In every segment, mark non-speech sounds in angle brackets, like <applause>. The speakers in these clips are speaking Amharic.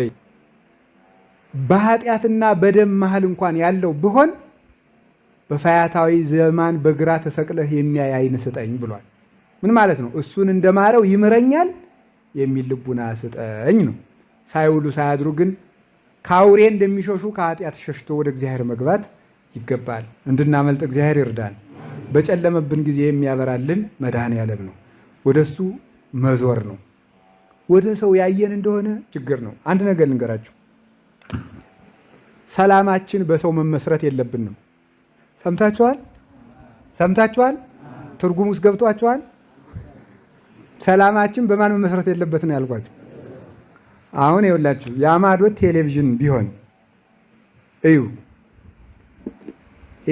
ሆይ በኃጢአትና በደም መሀል እንኳን ያለው ብሆን በፈያታዊ ዘማን በግራ ተሰቅለህ የሚያይ ዓይን ስጠኝ ብሏል። ምን ማለት ነው? እሱን እንደማረው ይምረኛል የሚል ልቡና ስጠኝ ነው። ሳይውሉ ሳያድሩ ግን ከአውሬ እንደሚሸሹ ከኃጢአት ሸሽቶ ወደ እግዚአብሔር መግባት ይገባል። እንድናመልጥ እግዚአብሔር ይርዳል። በጨለመብን ጊዜ የሚያበራልን መድኃኔ ዓለም ነው። ወደሱ መዞር ነው። ወደ ሰው ያየን እንደሆነ ችግር ነው። አንድ ነገር ልንገራችሁ፣ ሰላማችን በሰው መመስረት የለብንም። ሰምታችኋል? ሰምታችኋል? ትርጉም ውስጥ ገብቷችኋል? ሰላማችን በማን መመስረት የለበት ነው ያልኳችሁ። አሁን ይኸውላችሁ የአማዶት ቴሌቪዥን ቢሆን እዩ፣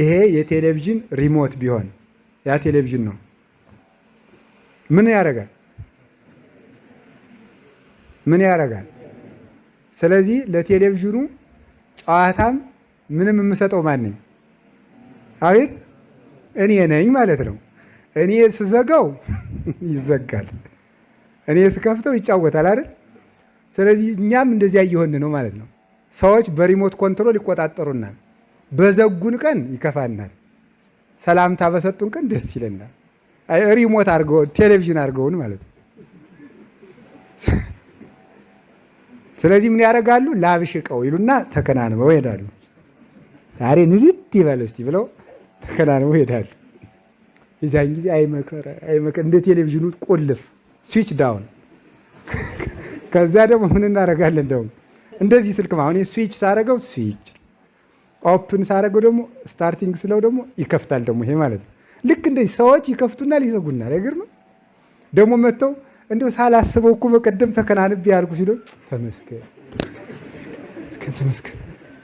ይሄ የቴሌቪዥን ሪሞት ቢሆን ያ ቴሌቪዥን ነው ምን ያደርጋል? ምን ያደርጋል? ስለዚህ ለቴሌቪዥኑ ጨዋታም ምንም የምሰጠው ማን ነኝ? አቤት እኔ ነኝ ማለት ነው። እኔ ስዘጋው <laughs> ይዘጋል፣ እኔ ስከፍተው ይጫወታል አይደል? ስለዚህ እኛም እንደዚያ እየሆን ነው ማለት ነው። ሰዎች በሪሞት ኮንትሮል ይቆጣጠሩናል። በዘጉን ቀን ይከፋናል፣ ሰላምታ በሰጡን ቀን ደስ ይለናል። ሪሞት አድርገውን ቴሌቪዥን አድርገውን ማለት ነው። ስለዚህ ምን ያደርጋሉ? ላብሽቀው ይሉና ተከናንበው ይሄዳሉ። ዛሬ ንድድ ይበል እስቲ ብለው ተከናንበው ይሄዳሉ። የዛን ጊዜ አይመከረ አይመከረ እንደ ቴሌቪዥኑ ቆልፍ ስዊች ዳውን። <laughs> ከዛ ደግሞ ምን እናደርጋለን? ደግሞ እንደዚህ ስልክ አሁን ስዊች ሳረገው ስዊች ኦፕን ሳረገው ደግሞ ስታርቲንግ ስለው ደግሞ ይከፍታል። ደግሞ ይሄ ማለት ነው ልክ እንደዚህ ሰዎች ይከፍቱና ሊዘጉና ይዘጉናል። አይገርምም? ደግሞ መጥተው እንዲሁ ሳላስበው እኮ በቀደም ተከናንቤ ያልኩ ሲለው ተመስገን ተመስገን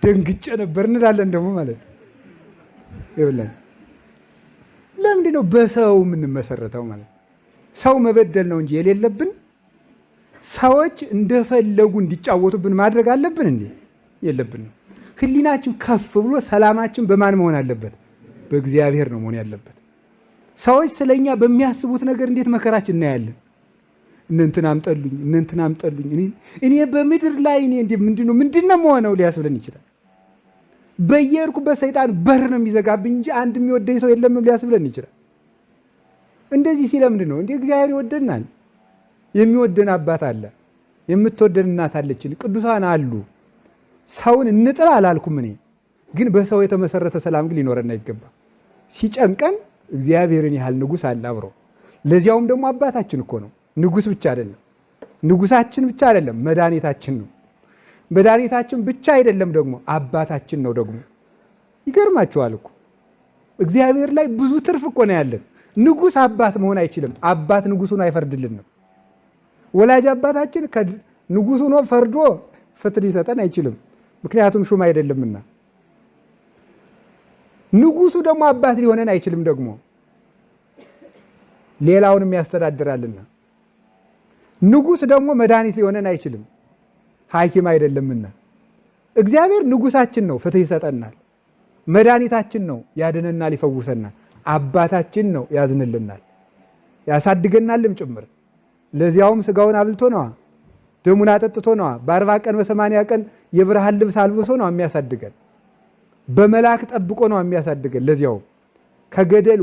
ደንግጬ ነበር እንላለን። ደግሞ ማለት ይብለን ለምንድን ነው በሰው የምንመሰረተው? ማለት ሰው መበደል ነው እንጂ የሌለብን ሰዎች እንደፈለጉ እንዲጫወቱብን ማድረግ አለብን እንዴ? የለብን ነው። ህሊናችን ከፍ ብሎ ሰላማችን በማን መሆን አለበት? በእግዚአብሔር ነው መሆን ያለበት። ሰዎች ስለኛ በሚያስቡት ነገር እንዴት መከራችን እናያለን? እነንትን አምጠሉኝ እነንትን አምጠሉኝ እኔ በምድር ላይ እኔ እንዴ ምንድነው ነው ምንድን ነው መሆነው ሊያስብለን ይችላል። በየርኩ በሰይጣን በር ነው የሚዘጋብኝ እንጂ አንድ የሚወደኝ ሰው የለም ሊያስብለን ይችላል። እንደዚህ ሲለ ምንድን ነው እንዴ እግዚአብሔር ይወደናል። የሚወደን አባት አለ፣ የምትወደን እናት አለችን፣ ቅዱሳን አሉ። ሰውን እንጥል አላልኩም እኔ ግን በሰው የተመሰረተ ሰላም ግን ሊኖረን አይገባ። ሲጨንቀን እግዚአብሔርን ያህል ንጉሥ አለ አብሮ ለዚያውም ደግሞ አባታችን እኮ ነው። ንጉስ ብቻ አይደለም፣ ንጉሳችን ብቻ አይደለም፣ መድኃኒታችን ነው። መድኃኒታችን ብቻ አይደለም ደግሞ አባታችን ነው ደግሞ። ይገርማችኋል እኮ እግዚአብሔር ላይ ብዙ ትርፍ እኮ ነው ያለን። ንጉስ አባት መሆን አይችልም። አባት ንጉሱን አይፈርድልንም። ወላጅ አባታችን ንጉሱ ነው ፈርዶ ፍትህ ሊሰጠን አይችልም። ምክንያቱም ሹም አይደለምና ንጉሱ ደግሞ አባት ሊሆነን አይችልም ደግሞ ሌላውንም ያስተዳድራልና ንጉሥ ደግሞ መድኃኒት ሊሆነን አይችልም፣ ሐኪም አይደለምና። እግዚአብሔር ንጉሳችን ነው፣ ፍትህ ይሰጠናል። መድኃኒታችን ነው፣ ያድነናል፣ ይፈውሰናል። አባታችን ነው፣ ያዝንልናል፣ ያሳድገናልም ጭምር። ለዚያውም ስጋውን አብልቶ ነዋ፣ ደሙን አጠጥቶ ነዋ፣ በአርባ ቀን በሰማንያ ቀን የብርሃን ልብስ አልብሶ ነዋ የሚያሳድገን። በመልአክ ጠብቆ ነዋ የሚያሳድገን። ለዚያውም ከገደሉ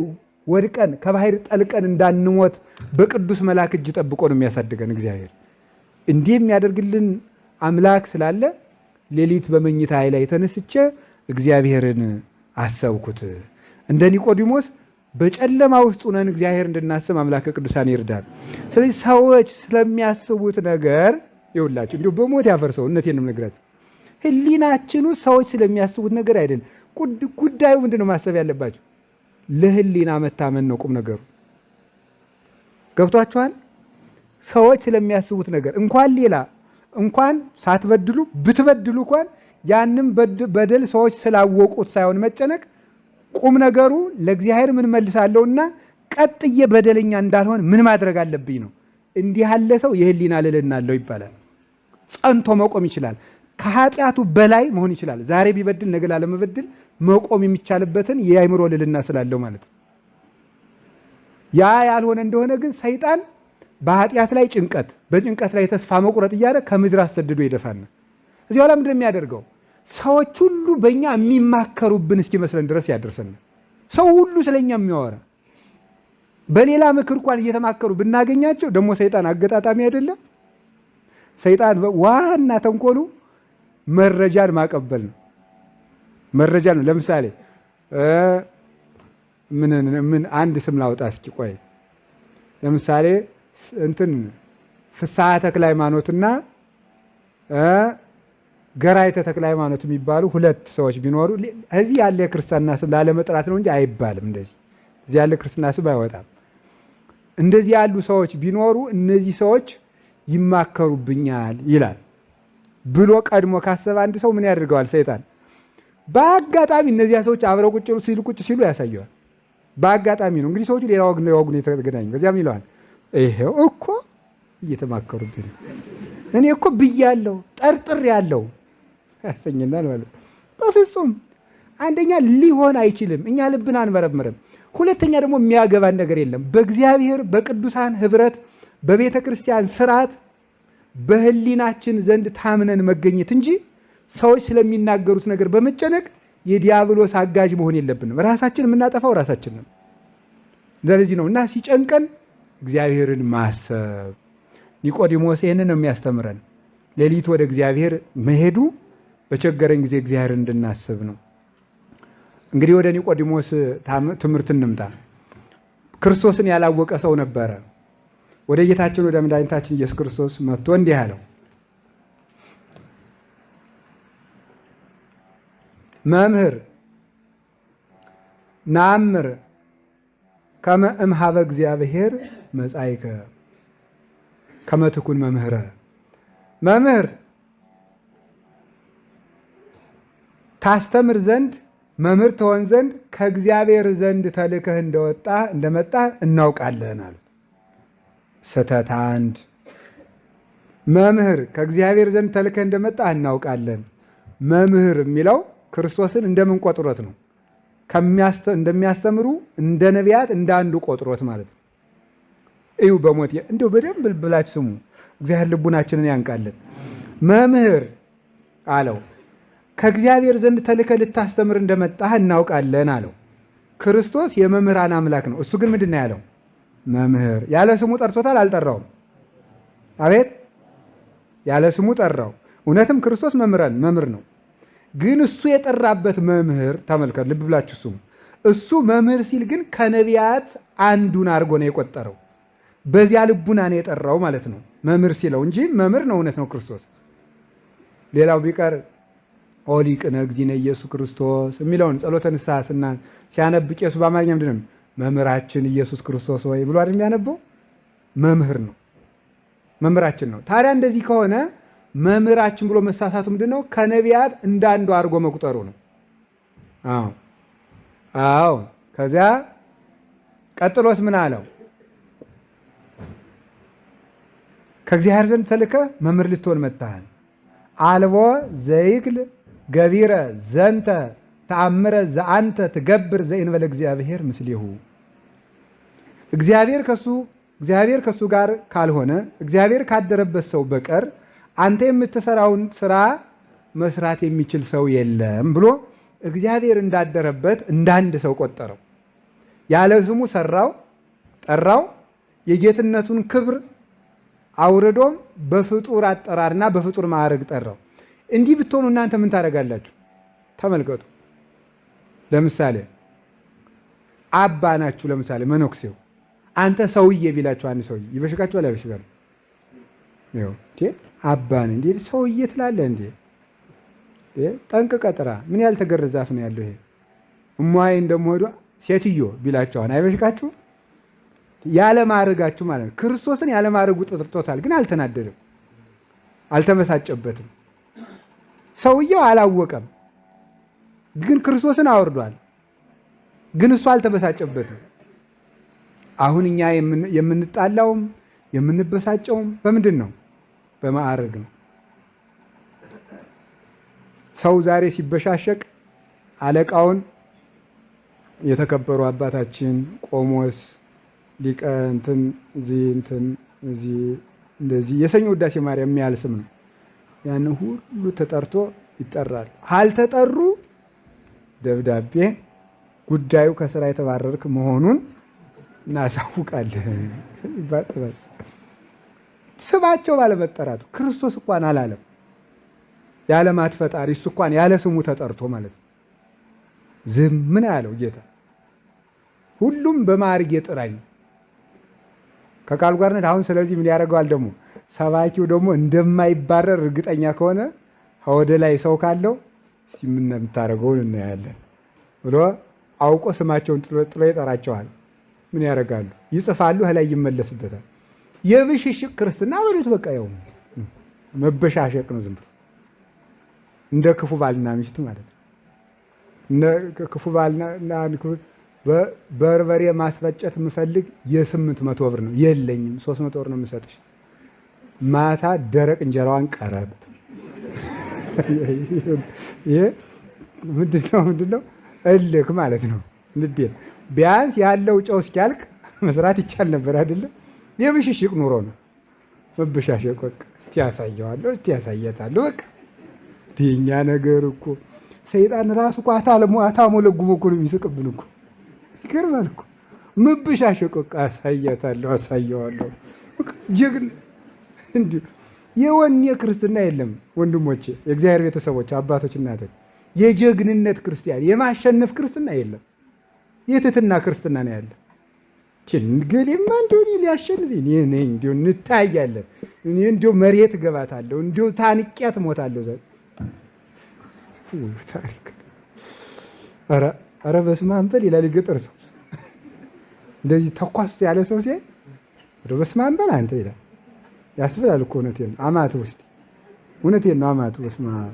ወድቀን ከባህር ጠልቀን እንዳንሞት በቅዱስ መልአክ እጅ ጠብቆ ነው የሚያሳድገን እግዚአብሔር። እንዲህ የሚያደርግልን አምላክ ስላለ ሌሊት በመኝታዬ ላይ ተነስቼ እግዚአብሔርን አሰብኩት። እንደ ኒቆዲሞስ በጨለማ ውስጥ ሆነን እግዚአብሔር እንድናስብ አምላከ ቅዱሳን ይርዳል። ስለዚህ ሰዎች ስለሚያስቡት ነገር ይውላቸው እንዲሁ በሞት ያፈርሰውነቴንም ነግራችሁ ህሊናችን ውስጥ ሰዎች ስለሚያስቡት ነገር አይደለም። ጉዳዩ ምንድን ነው ማሰብ ያለባቸው? ለህሊና መታመን ነው ቁም ነገሩ። ገብቷችኋል? ሰዎች ስለሚያስቡት ነገር እንኳን ሌላ እንኳን ሳትበድሉ ብትበድሉ እንኳን ያንም በደል ሰዎች ስላወቁት ሳይሆን መጨነቅ ቁም ነገሩ ለእግዚአብሔር ምን መልሳለሁና ቀጥዬ በደለኛ እንዳልሆን ምን ማድረግ አለብኝ ነው። እንዲህ ያለ ሰው የህሊና ልዕልና አለው ይባላል። ጸንቶ መቆም ይችላል። ከኃጢአቱ በላይ መሆን ይችላል። ዛሬ ቢበድል ነገ ላለመበድል መቆም የሚቻልበትን የአይምሮ ልልና ስላለው ማለት ነው። ያ ያልሆነ እንደሆነ ግን ሰይጣን በኃጢአት ላይ ጭንቀት፣ በጭንቀት ላይ ተስፋ መቁረጥ እያለ ከምድር አሰድዶ ይደፋና እዚህ ኋላ ምንድን የሚያደርገው ሰዎች ሁሉ በእኛ የሚማከሩብን እስኪመስለን ድረስ ያደርሰን። ሰው ሁሉ ስለኛ የሚያወራ በሌላ ምክር እንኳን እየተማከሩ ብናገኛቸው ደግሞ ሰይጣን አገጣጣሚ አይደለም። ሰይጣን ዋና ተንኮሉ መረጃን ማቀበል ነው። መረጃ ነው። ለምሳሌ ምን አንድ ስም ላውጣ እስኪ ቆይ። ለምሳሌ እንትን ፍስሐ ተክለ ሃይማኖትና ገራይተ ተክለ ሃይማኖት የሚባሉ ሁለት ሰዎች ቢኖሩ እዚህ ያለ የክርስትና ስም ላለመጥራት ነው እንጂ አይባልም። እንደዚህ እዚህ ያለ ክርስትና ስም አይወጣም። እንደዚህ ያሉ ሰዎች ቢኖሩ እነዚህ ሰዎች ይማከሩብኛል ይላል። ብሎ ቀድሞ ካሰበ አንድ ሰው ምን ያደርገዋል? ሰይጣን በአጋጣሚ እነዚያ ሰዎች አብረው ቁጭ ሲሉ ቁጭ ሲሉ ያሳየዋል። በአጋጣሚ ነው እንግዲህ ሰዎቹ ሌላ ወግ ወግን የተገናኙ። ከዚያም ይለዋል ይሄው እኮ እየተማከሩብኝ ነው፣ እኔ እኮ ብያለሁ፣ ጠርጥር ያለው <laughs> ያሰኝናል ማለት በፍጹም አንደኛ ሊሆን አይችልም፣ እኛ ልብን አንመረምርም። ሁለተኛ ደግሞ የሚያገባን ነገር የለም። በእግዚአብሔር በቅዱሳን ህብረት በቤተ ክርስቲያን ስርዓት በህሊናችን ዘንድ ታምነን መገኘት እንጂ ሰዎች ስለሚናገሩት ነገር በመጨነቅ የዲያብሎስ አጋዥ መሆን የለብንም። ራሳችን የምናጠፋው ራሳችን ነው። ለዚህ ነው እና ሲጨንቀን እግዚአብሔርን ማሰብ። ኒቆዲሞስ ይህንን ነው የሚያስተምረን። ሌሊት ወደ እግዚአብሔር መሄዱ በቸገረን ጊዜ እግዚአብሔር እንድናስብ ነው። እንግዲህ ወደ ኒቆዲሞስ ትምህርት እንምጣ። ክርስቶስን ያላወቀ ሰው ነበረ። ወደ ጌታችን ወደ መድኃኒታችን ኢየሱስ ክርስቶስ መጥቶ እንዲህ አለው፣ መምህር ናምር ከመ እምኀበ እግዚአብሔር መጻይከ ከመ ትኩን መምህረ። መምህር ታስተምር ዘንድ መምህር ትሆን ዘንድ ከእግዚአብሔር ዘንድ ተልከህ እንደወጣ እንደመጣ እናውቃለን አሉ። ስተት አንድ መምህር ከእግዚአብሔር ዘንድ ተልከ እንደመጣ እናውቃለን። መምህር የሚለው ክርስቶስን እንደምን ቆጥሮት ነው? እንደሚያስተምሩ እንደ ነቢያት እንደ አንዱ ቆጥሮት ማለት ነው። እዩ በሞት እንዲሁ በደንብ ብላችሁ ስሙ። እግዚአብሔር ልቡናችንን ያንቃለን። መምህር አለው ከእግዚአብሔር ዘንድ ተልከ ልታስተምር እንደመጣህ እናውቃለን አለው። ክርስቶስ የመምህራን አምላክ ነው። እሱ ግን ምንድን ነው ያለው? መምህር ያለ ስሙ ጠርቶታል። አልጠራውም? አቤት ያለ ስሙ ጠራው። እውነትም ክርስቶስ መምህረን መምህር ነው። ግን እሱ የጠራበት መምህር ተመልከት፣ ልብ ብላችሁ ስሙ። እሱ መምህር ሲል ግን ከነቢያት አንዱን አድርጎ ነው የቆጠረው። በዚያ ልቡና ነው የጠራው ማለት ነው መምህር ሲለው እንጂ መምህር ነው። እውነት ነው ክርስቶስ። ሌላው ቢቀር ኦሊቅነ ሊቅነ እግዚእነ ኢየሱስ ክርስቶስ የሚለውን ጸሎተ ንስሐ ሲያነብ ቄሱ በአማርኛ ምንድን ነው መምህራችን ኢየሱስ ክርስቶስ ወይ ብሎ አይደል የሚያነበው? መምህር ነው፣ መምህራችን ነው። ታዲያ እንደዚህ ከሆነ መምህራችን ብሎ መሳሳቱ ምንድን ነው? ከነቢያት እንዳንዱ አድርጎ መቁጠሩ ነው። አዎ አዎ። ከዚያ ቀጥሎስ ምን አለው? ከእግዚአብሔር ዘንድ ተልከ መምህር ልትሆን መታህን አልቦ ዘይክል ገቢረ ዘንተ ተአምረ ዘአንተ ትገብር ዘእንበለ እግዚአብሔር ይሁ እግዚአብሔር ከሱ እግዚአብሔር ከሱ ጋር ካልሆነ እግዚአብሔር ካደረበት ሰው በቀር አንተ የምትሰራውን ስራ መስራት የሚችል ሰው የለም ብሎ እግዚአብሔር እንዳደረበት እንዳንድ ሰው ቆጠረው። ያለ ስሙ ሰራው፣ ጠራው። የጌትነቱን ክብር አውርዶም በፍጡር አጠራርና በፍጡር ማዕረግ ጠራው። እንዲህ ብትሆኑ እናንተ ምን ታደርጋላችሁ? ተመልከቱ። ለምሳሌ አባ ናችሁ። ለምሳሌ መነኩሴው አንተ ሰውዬ ቢላቸው አንድ ሰውዬ ይበሽቃቸዋል። አይበሽቀም? አባን እንዴ ሰውዬ ትላለህ እንዴ? ጠንቅ ጥራ። ምን ያህል ተገረዛፍ ነው ያለው ይሄ እሟይ እንደምወዷ ሴትዮ ቢላቸዋን አይበሽቃችሁ? ያለማድረጋችሁ ማለት ነው። ክርስቶስን ያለማድረጉ ጠርጥቶታል፣ ግን አልተናደደም፣ አልተመሳጨበትም። ሰውየው አላወቀም፣ ግን ክርስቶስን አወርዷል፣ ግን እሱ አልተመሳጨበትም። አሁን እኛ የምንጣላውም የምንበሳጨውም በምንድን ነው? በማዕረግ ነው። ሰው ዛሬ ሲበሻሸቅ አለቃውን የተከበሩ አባታችን ቆሞስ ሊቀ እንትን እዚህ እንትን እዚህ እንደዚህ የሰኞ ውዳሴ ማርያም የሚያል ስም ነው። ያንን ሁሉ ተጠርቶ ይጠራል። ሀልተጠሩ ደብዳቤ ጉዳዩ ከስራ የተባረርክ መሆኑን እናሳውቃለን ይባላል። ስማቸው ባለመጠራቱ ክርስቶስ እንኳን አላለም። የዓለማት ፈጣሪ እሱ እንኳን ያለ ስሙ ተጠርቶ ማለት ነው። ዝም ምን ያለው ጌታ ሁሉም በማዕርጌ የጥራኝ ከቃል ጓርነት አሁን ስለዚህ ምን ያደርገዋል ደግሞ ሰባኪው ደግሞ እንደማይባረር እርግጠኛ ከሆነ ወደ ላይ ሰው ካለው እስኪ ምን የምታደርገውን እናያለን ብሎ አውቆ ስማቸውን ጥሎ ይጠራቸዋል። ምን ያደርጋሉ? ይጽፋሉ፣ ከላይ ይመለስበታል። የብሽሽቅ ክርስትና በሉት በቃ ያው መበሻሸቅ ነው። ዝም ብሎ እንደ ክፉ ባልና ሚስት ማለት ነው። ክፉ ባልና በርበሬ ማስፈጨት የምፈልግ የስምንት መቶ ብር ነው የለኝም፣ ሶስት መቶ ብር ነው የምሰጥሽ። ማታ ደረቅ እንጀራዋን ቀረብ። ይሄ ምንድነው? ምንድነው? እልክ ማለት ነው ንዴት ቢያንስ ያለው ጨው እስኪያልቅ መስራት ይቻል ነበር አይደለም? የብሽሽቅ ኑሮ ነው መበሻሸቅ። በቃ እስቲ ያሳየዋለሁ፣ እስቲ ያሳየታለሁ። በቃ የእኛ ነገር እኮ ሰይጣን ራሱ እኮ አታለሙ አታሞለጉም እኮ ነው የሚስቅብን እኮ ይገርማል እኮ መበሻሸቅ። በቃ አሳያታለሁ፣ አሳየዋለሁ። ጀግን እንዲሁ የወኔ ክርስትና የለም ወንድሞቼ፣ የእግዚአብሔር ቤተሰቦች አባቶች፣ እናቶች፣ የጀግንነት ክርስቲያን የማሸነፍ ክርስትና የለም። የትትና ክርስትና ነው ያለ ችንገሌማ እንዲሁ ሊያሸንፍ እንዲሁ እንታያለን። እኔ እንዲሁ መሬት ገባታለሁ፣ እንዲሁ ታንቂያት ሞታለሁ። ታሪክ ኧረ በስመ አብ በል ይላል የገጠር ሰው። እንደዚህ ተኳስቶ ያለ ሰው ሲያይ ወደ በስመ አብ በል አንተ ይላል ያስብላል እኮ። እውነቴን ነው አማት ውስጥ እውነቴን ነው አማት በስመ አብ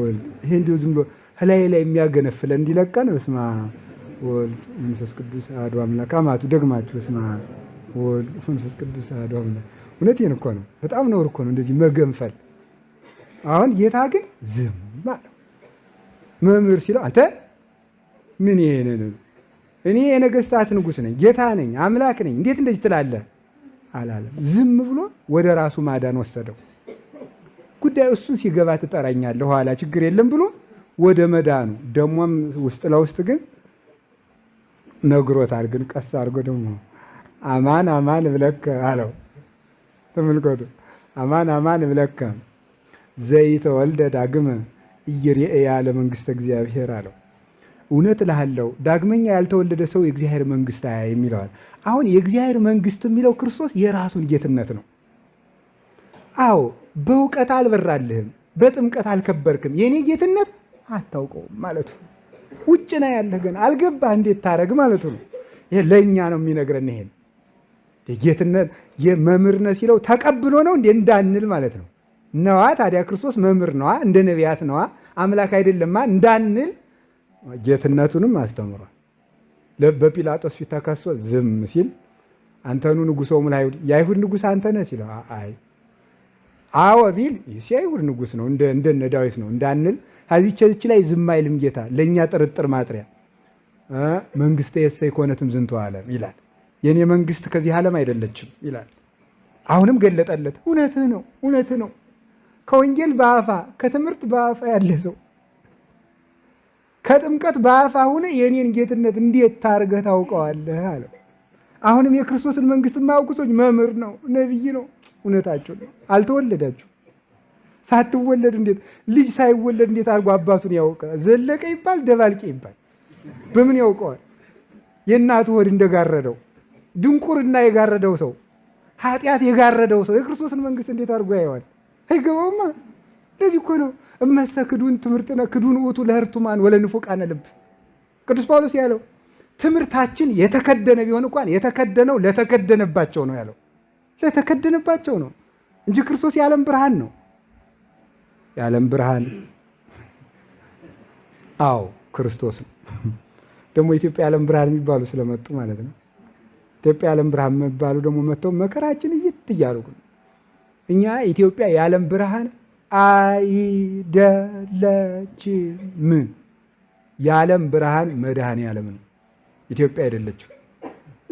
ወልድ። ይሄ እንዲሁ ዝም ብሎ ላይ ላይ የሚያገነፍለን እንዲለቀን በስመ አብ ወልድ መንፈስ ቅዱስ አሐዱ አምላክ አማቱ ደግማችሁ በስመ አብ ወልድ መንፈስ ቅዱስ አሐዱ አምላክ። እውነቴን እኮ ነው። በጣም ነውር እኮ ነው እንደዚህ መገንፈል። አሁን ጌታ ግን ዝም አለው። መምህር ሲለው አንተ ምን ይሄንን እኔ የነገስታት ንጉስ ነኝ፣ ጌታ ነኝ፣ አምላክ ነኝ፣ እንዴት እንደዚህ ትላለህ አላለም። ዝም ብሎ ወደ ራሱ ማዳን ወሰደው። ጉዳዩ እሱን ሲገባ ትጠራኛለህ ኋላ ችግር የለም ብሎ ወደ መዳኑ ደሞም ውስጥ ለውስጥ ግን ነግሮታል። ግን ቀስ አድርጎ ደግሞ አማን አማን እብለከ አለው። ተመልከቱ። አማን አማን እብለከ ዘይተወልደ ዳግመ ኢይርኤያ ለመንግስተ እግዚአብሔር አለው። እውነት እልሃለሁ ዳግመኛ ያልተወለደ ሰው የእግዚአብሔር መንግስት አያይም ይለዋል። አሁን የእግዚአብሔር መንግስት የሚለው ክርስቶስ የራሱን ጌትነት ነው። አዎ በእውቀት አልበራልህም፣ በጥምቀት አልከበርክም፣ የእኔ ጌትነት አታውቀውም ማለት ነው። ውጭ ነው ያለህ ግን አልገባህ እንዴት ታረግ ማለቱ ነው። ይሄ ለእኛ ነው የሚነግረን። ይሄን የጌትነት የመምህርነት ሲለው ተቀብሎ ነው እንዴ እንዳንል ማለት ነው። ነዋ ታዲያ ክርስቶስ መምህር ነዋ፣ እንደ ነቢያት ነዋ፣ አምላክ አይደለማ እንዳንል ጌትነቱንም አስተምሯል። በጲላጦስ ፊት ተከሶ ዝም ሲል አንተኑ ንጉሶ እሙ ለአይሁድ የአይሁድ ንጉሥ አንተ ነህ ሲለው አይ አዎ ቢል ይህ የአይሁድ ንጉሥ ነው እንደነ ዳዊት ነው እንዳንል ከዚህ ቸርች ላይ ዝም አይልም ጌታ ለእኛ ጥርጥር ማጥሪያ መንግስት የሰ ኮነትም ዝንቱ ዓለም ይላል። የኔ መንግስት ከዚህ ዓለም አይደለችም ይላል። አሁንም ገለጠለት። እውነትህ ነው፣ እውነትህ ነው። ከወንጌል በአፋ ከትምህርት በአፋ ያለ ሰው ከጥምቀት በአፋ ሆነ የእኔን ጌትነት እንዴት ታርገህ ታውቀዋለህ አለው። አሁንም የክርስቶስን መንግስት የማያውቁ ሰዎች መምህር ነው፣ ነቢይ ነው፣ እውነታቸው ነው። አልተወለዳችሁ ሳትወለድ እንዴት ልጅ ሳይወለድ እንዴት አድርጎ አባቱን ያውቃል? ዘለቀ ይባል ደባልቄ ይባል በምን ያውቀዋል? የእናቱ ሆድ እንደጋረደው ድንቁርና የጋረደው ሰው ኃጢአት የጋረደው ሰው የክርስቶስን መንግስት እንዴት አድርጎ ያየዋል? አይገባውማ። ለዚህ እኮ ነው እመሰ ክዱን ትምህርትነ ክዱን ውእቱ ለህርቱማን ወለንፉቃነ ልብ ቅዱስ ጳውሎስ ያለው ትምህርታችን የተከደነ ቢሆን እንኳን የተከደነው ለተከደነባቸው ነው ያለው። ለተከደነባቸው ነው እንጂ ክርስቶስ የዓለም ብርሃን ነው። የዓለም ብርሃን አዎ ክርስቶስ ነው። ደግሞ ኢትዮጵያ የዓለም ብርሃን የሚባሉ ስለመጡ ማለት ነው። ኢትዮጵያ የዓለም ብርሃን የሚባሉ ደግሞ መጥተው መከራችን እይት እያሉ እኛ ኢትዮጵያ የዓለም ብርሃን አይደለችም። የዓለም ብርሃን መድኃኔ ዓለም ነው። ኢትዮጵያ አይደለችም።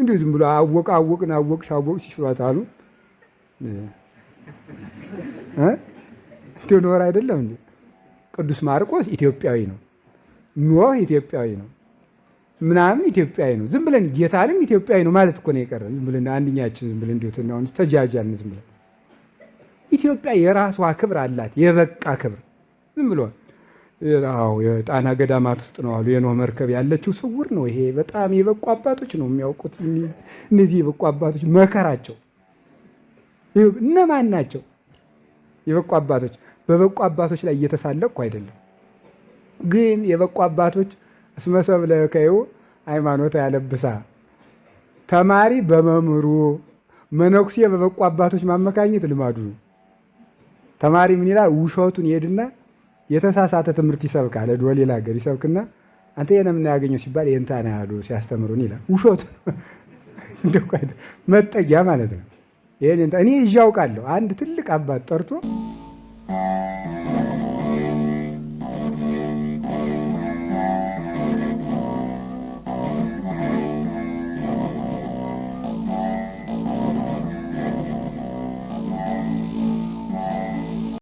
እንዲሁ ዝም ብሎ አወቅ አወቅን አወቅሽ አወቅሽ ይሏታሉ። ኖር አይደለም እንዴ? ቅዱስ ማርቆስ ኢትዮጵያዊ ነው። ኖህ ኢትዮጵያዊ ነው። ምናምን ኢትዮጵያዊ ነው። ዝም ብለን ጌታንም ኢትዮጵያዊ ነው ማለት እኮ ነው የቀረን። ዝም ብለን አንድኛችን ዝም ብለን እንዲሁትና አሁን ተጃጃልን። ዝም ብለን ኢትዮጵያ የራሷ ክብር አላት፣ የበቃ ክብር። ዝም ብሎ ው የጣና ገዳማት ውስጥ ነው አሉ የኖህ መርከብ ያለችው ስውር ነው። ይሄ በጣም የበቁ አባቶች ነው የሚያውቁት። እነዚህ የበቁ አባቶች መከራቸው እነማን ናቸው? የበቁ አባቶች በበቁ አባቶች ላይ እየተሳለቅኩ አይደለም። ግን የበቁ አባቶች እስመሰብ ለከዩ ሃይማኖት ያለብሳ ተማሪ በመምህሩ መነኩሴ በበቁ አባቶች ማመካኘት ልማዱ ነው። ተማሪ ምን ይላል? ውሸቱን ይሄድና የተሳሳተ ትምህርት ይሰብካል። ዶ ሌላ ሀገር ይሰብክና አንተ ይሄን ምን ያገኘው ሲባል የእንታና ያሉ ሲያስተምሩን ይላል። ውሸቱ <laughs> መጠጊያ ማለት ነው። ይሄን እኔ ይዤ አንድ ትልቅ አባት ጠርቶ Música